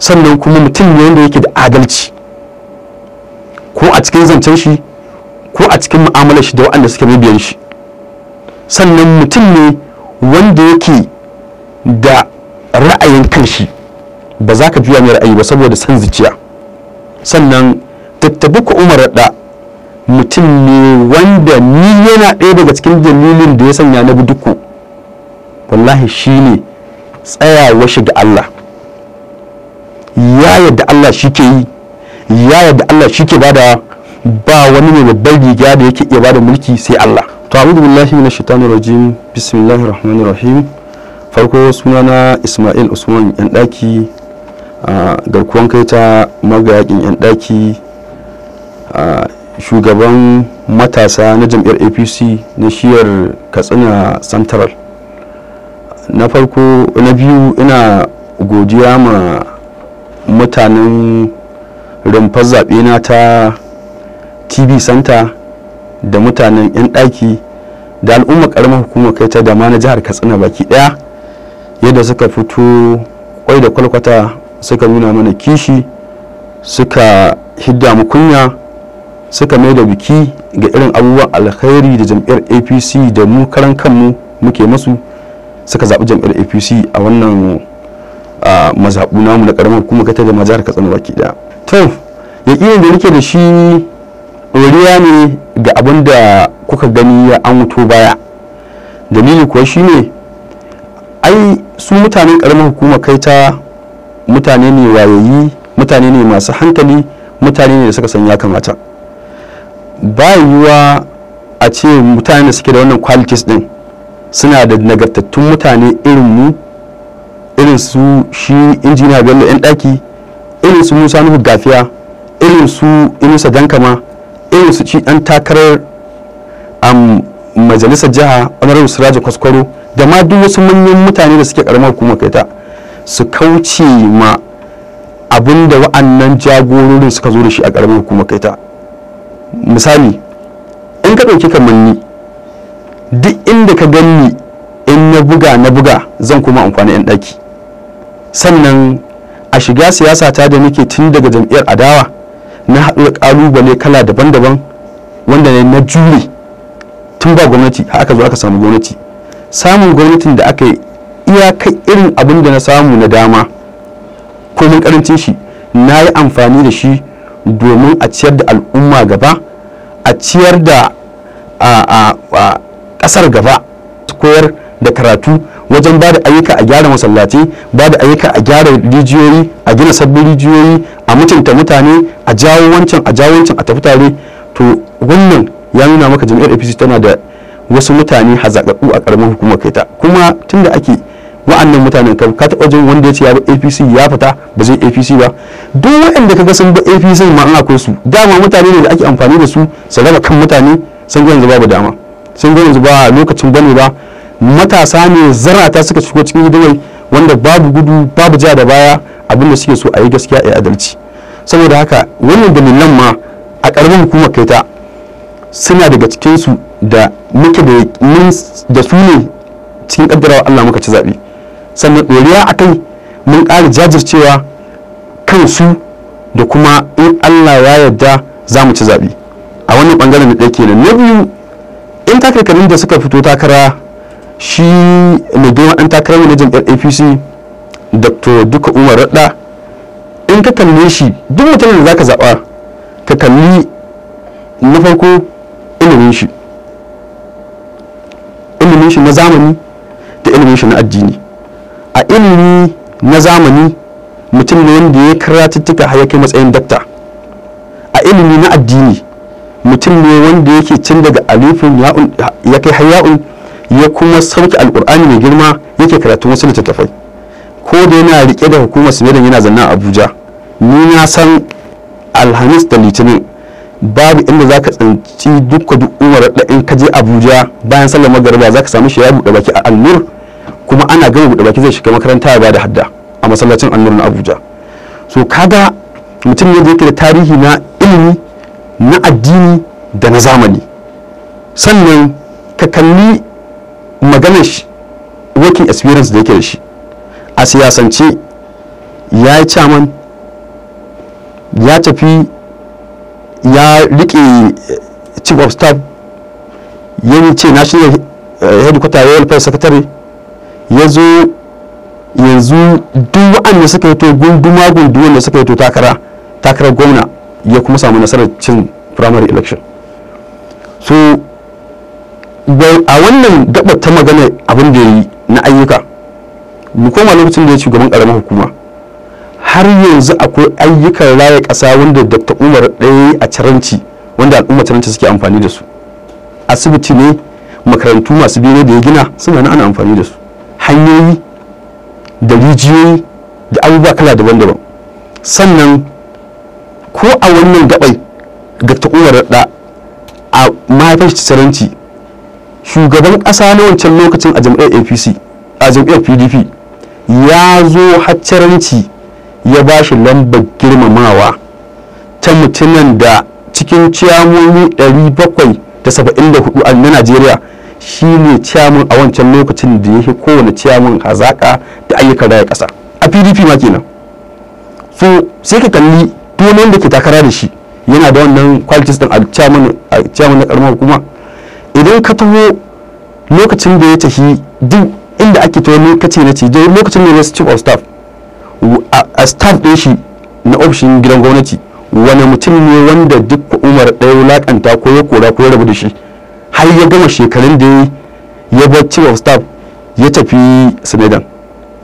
sannan kuma mutum ne wanda yake da adalci ko a cikin zancen shi ko a cikin mu'amalar shi da waɗanda suke mabiyan shi sannan mutum ne wanda yake da ra'ayin kanshi ba za ka juya mai ra'ayi ba saboda san zuciya sannan ku umar da mutum ne wanda ni yana ɗaya daga cikin dalilin da ya sanya na bi duku wallahi shine tsayawa shi ga Allah ya yadda Allah shi ke yi ya yadda Allah shi ke bada ba wani mai babban riga da yake iya bada mulki sai Allah to a'udhu billahi minash shaitani rajim bismillahir rahmanir rahim farko sunana Ismail Usman yan daki a garkuwan kai ta magayakin yan daki shugaban matasa na jam'iyyar APC na shiyar Katsina Central na farko na biyu ina godiya ma mutanen rumfar zaɓe na ta tv center da mutanen 'yan ɗaki da al'umma ƙaramin hukumar kai ta da na jihar katsina baki ɗaya yadda suka fito kwai da kwalkwata suka nuna mana kishi suka hidda mu kunya suka mai da biki ga irin abubuwan alkhairi da jam'iyyar apc da mu karan kanmu muke masu suka zaɓi jam'iyyar apc a wannan a mazaɓu namu na karamar kuma kata da mazar katsina baki daya to yaƙinin da nake da shi ɗoriya ne ga abin da kuka gani ya an wuto baya dalili kuwa ne ai su mutanen karamar hukumar kai ta mutane ne wayayi mutane ne masu hankali mutane ne da suka san ya kamata bayan yiwuwa a ce mutane da suke da wannan qualities din suna da nagartattun mutane irin mu irin su shi injiniya bello yan daki irin su musa nuhu gafiya irin su inusa dankama irin su ci dan takarar majalisar jiha honorable siraji kwaskwaro da ma duk wasu manyan mutane da suke karamar hukumar kaita su kauce ma abin da wa'annan jagororin suka zo da shi a karamar hukumar kaita misali in ka ɗauki kamanni duk inda ka ganni buga na buga zan kuma amfani yan ɗaki sannan a shiga siyasa ta da nake tun daga jam'iyyar adawa na haɗu ƙalubale kala daban-daban wanda ne na jure tun ba gwamnati har aka zo aka samu gwamnati samun gwamnatin da aka yi kai irin abin da na samu na dama komin karancin shi na yi amfani da shi domin a ciyar da al'umma gaba a ciyar da a ƙasar gaba koyar da karatu wajen ba da ayyuka a gyara masallaci ba da ayyuka a gyara rijiyoyi a gina sabbin rijiyoyi a mutunta mutane a jawo wancan a jawo wancan a tafi tare to wannan ya nuna maka jami'ar apc tana da wasu mutane hazaƙaƙu a ƙaramin hukumar kaita kuma tunda ake wa'annan mutanen ka ka taɓa jin wanda ya ce ya ba apc ya fita ba zai apc ba duk waɗanda ka ga sun ba apc ma an akwai su dama mutane ne da ake amfani da su su raba kan mutane sun ga yanzu babu dama sun ga yanzu ba lokacin bane ba matasa ne zarata suka shigo cikin hidimai wanda babu gudu babu ja da baya abin da suke so a yi gaskiya a adalci saboda haka wannan dalilan ma a ƙaramin hukumar kaita suna daga cikinsu da muke da su ne cikin ƙaddarawa Allah muka ci zaɓe sannan ɗoriya a kai mun ƙara jajircewa kansu da kuma in Allah ya yarda za mu ci zaɓe a wannan ɓangaren da ɗaya kenan na biyu in takarkarin da suka fito takara shi mai girma ɗan takarar na jam'iyyar apc dr duka umar radda in ka kalle shi duk mutumin da zaka zaɓa ka kalli na farko ilimin shi ilimin shi na zamani da ilimin shi na addini a ilimi na zamani mutum ne wanda ya karatuttuka har ya kai matsayin dakta a ilimi na addini mutum ne wanda yake cin daga alifin ya kai haya'un ya kuma sauke alkur'ani mai girma yake karatu wasu littattafai ko da yana rike da hukumar sweden yana zanna abuja ni na san alhamis da litinin babu inda zaka tsanci duka duk umar da in ka je abuja bayan sallar magariba zaka samu shi ya buɗe baki a annur kuma ana gama buɗe baki zai shiga makaranta ya bada hadda a masallacin annur na abuja so kaga mutum ne da yake da tarihi na ilimi na addini da na zamani sannan ka kalli maganar shi working experience da yake da shi a siyasance ya yi chairman ya tafi ya riƙe eh, chief of staff ya ce national eh, headquarter royal press secretary ya zo yanzu duk wa'anda suka yi to gunduma gunduma da suka yi to takara takarar gwamna ya kuma samu nasarar cin primary election so a wannan gaba ta magana abin da ya yi na ayyuka mu koma lokacin da ya shugaban karamin hukuma har yanzu akwai ayyukan raya kasa wanda dr umar ɗaya a caranci wanda al'umma caranci suke amfani da su asibiti ne makarantu masu biyu da ya gina suna na ana amfani da su hanyoyi da rijiyoyi da abubuwa kala daban-daban sannan ko a wannan gabai ga umar da a mahaifar caranci shugaban ƙasa na wancan lokacin a jam'iyyar apc a jam'iyyar pdp ya zo haccaranci ya ba shi lambar girmamawa ta mutumin da cikin ciyamomi 774 na najeriya shi ne ciyamun a wancan lokacin da ya fi kowane ciyamun hazaƙa da ayyukan raya ƙasa a pdp ma kenan so sai ka kalli duk da ke takara da shi yana da wannan kwalitis din a ciyamun na ƙaramar hukuma idan ka taho lokacin da ya tafi duk inda ake taho lokaci na ce lokacin ne na chief of staff a staff ɗin shi na ofishin gidan gwamnati wani mutum ne wanda duk umar ɗaya wulaƙanta ko ya kora ko ya rabu da shi har ya gama shekarun da ya bar chief of staff ya tafi sinadan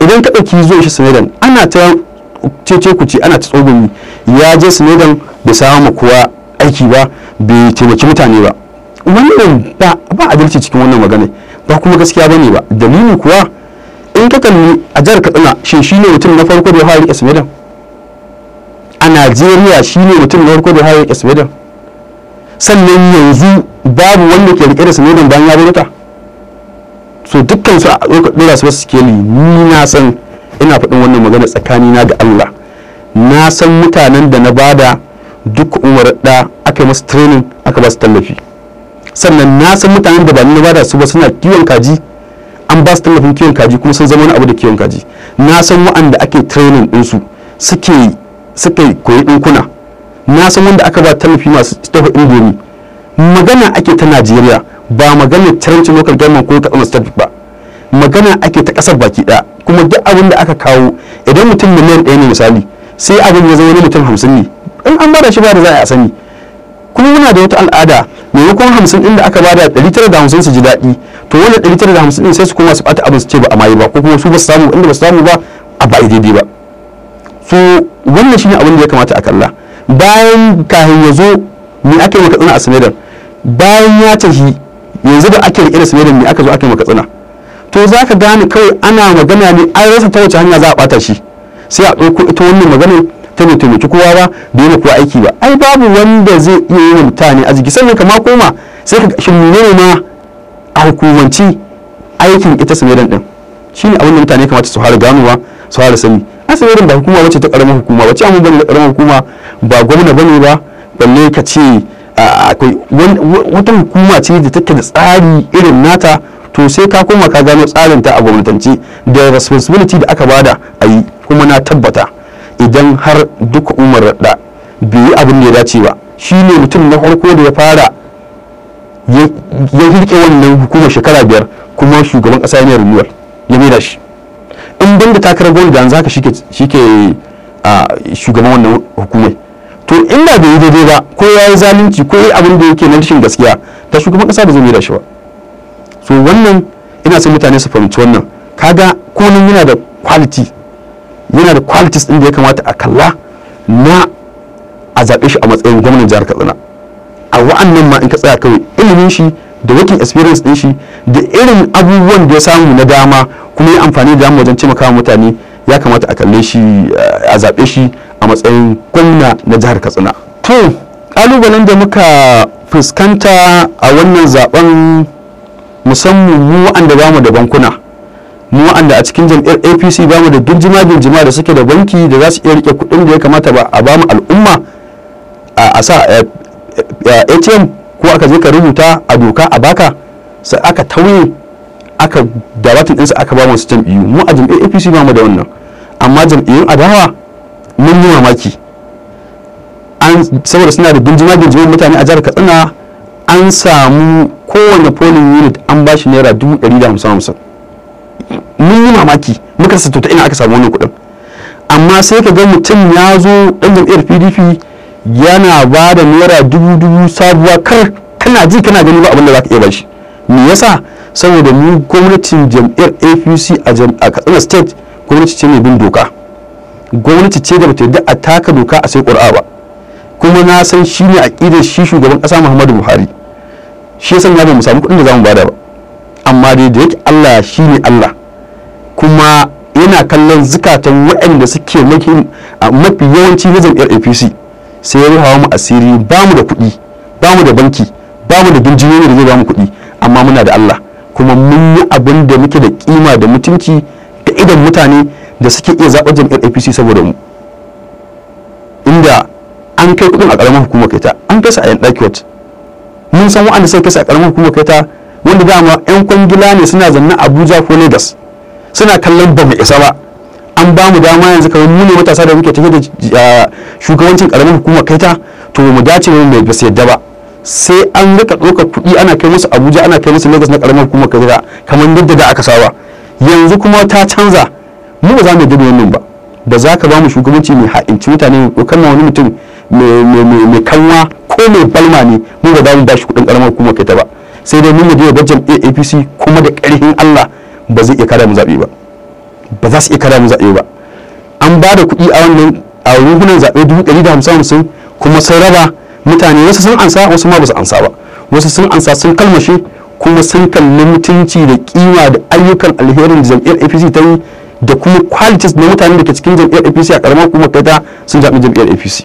idan ka ɗauki zuwa shi sinadan ana ta cece ana ta tsogumi ya je sinadan bai samu kowa aiki ba bai taimaki mutane ba wannan ba ba adalci cikin wannan magana ba kuma gaskiya bane ba dalili kuwa in ka kalli a jihar katsina shi shine mutum na farko da ya fara a najeriya shine mutum na farko da ya fara sannan yanzu babu wanda ke rike da ismedan bayan ya bauta so dukkan su a dora su wasu keli ni na san ina faɗin wannan magana na ga allah na san mutanen da na bada duk umar da aka yi masu training aka ba su tallafi sannan na san mutanen da ba na bada su ba suna kiwon kaji an ba su tallafin kiwon kaji kuma sun zama wani abu da kiwon kaji na san wa'anda ake training su suke suke koyi dinkuna na san wanda aka ba tallafi masu tafa indomi magana ake ta najeriya ba magana tarancin local government ko kaɗan state ba magana ake ta ƙasar baki ɗaya kuma duk abin da aka kawo idan mutum miliyan ɗaya ne misali sai abin ya zama wani mutum hamsin ne in an bada shi ba da za a sani in muna da wata al'ada maimakon hamsin din da aka ba ɗari tara da hamsin su ji daɗi to wannan ɗari tara da hamsin ɗin sai su koma su ɓata abin su ce ba a maye ba ko kuma su ba su samu inda ba su samu ba a ba daidai ba so wannan shine abin da ya kamata a kalla bayan kafin ya zo me aka yi katsina a sinadar bayan ya tafi yanzu da ake rike da sinadar me aka zo aka yi katsina to za ka gane kawai ana magana ne an rasa ta wace hanya za a bata shi sai a ɗauko ita wannan magana ta ne taimaki kowa ba ba kuwa aiki ba ai babu wanda zai iya yi wa mutane arziki sannan kama koma sai ka shi menene ma a hukumanci aikin ita samirin din shine abin da mutane kamata su fara ganowa su fara sani a samirin ba hukuma wacce ta karamin hukuma wacce amma bane karamin hukuma ba gwamna bane ba balle ka ce wata hukuma ce da take da tsari irin nata to sai ka koma ka gano tsarin ta a gwamnatance da responsibility da aka bada a yi kuma na tabbata idan har duka umar da bai yi abin da ya dace ba shi ne mutum na farko da ya fara ya rike wannan hukumar shekara biyar kuma shugaban ƙasa ya renewal ya maida shi in banda takarar gwamnati da yanzu haka shi ke shugaban wannan hukumar, to inda bai yi daidai ba ko ya yi zalunci ko ya yi abin da yake na rashin gaskiya ta shugaban ƙasa da zai maida shi ba so wannan ina son mutane su fahimci wannan kaga konin yana da quality yana da qualities din da ya kamata a kalla na a zaɓe shi a matsayin gwamnan jihar katsina a wa'annan ma in ka tsaya kawai ilimin shi da working experience din shi da irin abubuwan da ya samu na dama kuma ya amfani da dama wajen taimaka mutane ya kamata a kalle shi eh, a zaɓe shi a matsayin gwamna na jihar katsina to ƙalubalen da muka fuskanta a wannan zaben musamman mu wa'anda bamu da bankuna mu wa'anda a cikin jam'iyyar apc bamu da ginjima ginjima da suke da banki da za su iya rike kuɗin da ya kamata ba a bamu al'umma a sa eh, eh, eh, atm ko aka je ka rubuta a doka a baka sai aka tauye aka din ɗinsa aka ba masu biyu mu a jam'iyyar apc ba mu da wannan amma jam'iyyun adawa mun yi mamaki an saboda suna da ginjima ginjimin mutane a jihar katsina an samu kowane polling unit an ba shi naira dubu ɗari da hamsin hamsin mun yi mamaki muka rasa ta ina aka samu wannan kuɗin amma sai ka ga mutum ya zo ɗan jam'iyyar pdp yana ba da naira dubu dubu sabuwa kar kana ji kana gani ba abin da za ka iya shi. me yasa saboda mu gwamnatin jam'iyyar apc a katsina state gwamnati ce mai bin doka gwamnati ce da bata yadda a taka doka a sai kuri'a ba kuma na san shi ne shi shugaban ƙasa muhammadu buhari shi yasa na ba mu samu kuɗin da za mu bada ba amma dai da yake allah shi ne allah kuma yana kallon zukatan waɗanda suke mafi yawanci na jam'iyyar apc sai ya hawa mu asiri ba mu da kuɗi ba mu da banki ba mu da binjiniyoyi da zai ba mu kuɗi amma muna da Allah kuma mun yi abin da muke da kima da mutunci da idan mutane da suke iya zaɓar jam'iyyar APC saboda mu inda an kai kuɗin a ƙaramar hukumar ta an kai sa a yan ɗaki mun san wa'anda sai kai sa a ƙaramar hukumar ta wanda dama 'yan kwangila ne suna zanna abuja ko lagos suna kallon ba mu isa ba an ba mu dama yanzu kamar mu ne matasa da muke tafi da ah, shugabancin karamin kai ta to mu dace mu mai ba yadda ba sai an rika ɗaukar kuɗi ana kai musu abuja ana kai musu lagos na hukuma kai ta kamar yadda da aka saba yanzu kuma ta canza mu ba za mu yadda wannan ba ba za ka ba mu shugabanci mai ha'inci mutane dokar na wani mutum mai kanwa ko mai balma ne mu ba za mu shi kuɗin karamar kai ta ba sai dai mun mu je jam'iyyar apc kuma da ƙarfin allah ba zai iya kada mu zaɓe ba za su iya kada mu zaɓe ba an ba da kuɗi a wannan a ruhunan zaɓe dubu ɗari da hamsin hamsin kuma sun raba mutane wasu sun ansa wasu ma ba su ansa ba wasu sun ansa sun kalmashe kuma sun kalli mutunci da kima da ayyukan alherin da jam'iyyar apc ta yi da kuma kwalitis na mutane da ke cikin jam'iyyar apc a karamar kuma ta sun zaɓi jam'iyyar apc